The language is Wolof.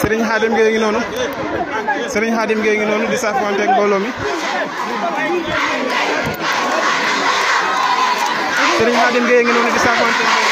sëriñ Xaadim Géey ngi noonu sëriñ Xaadim Géey ngi noonu di saafonte ak mbooloo mi Xaadim Géey ngi noonu di saafonte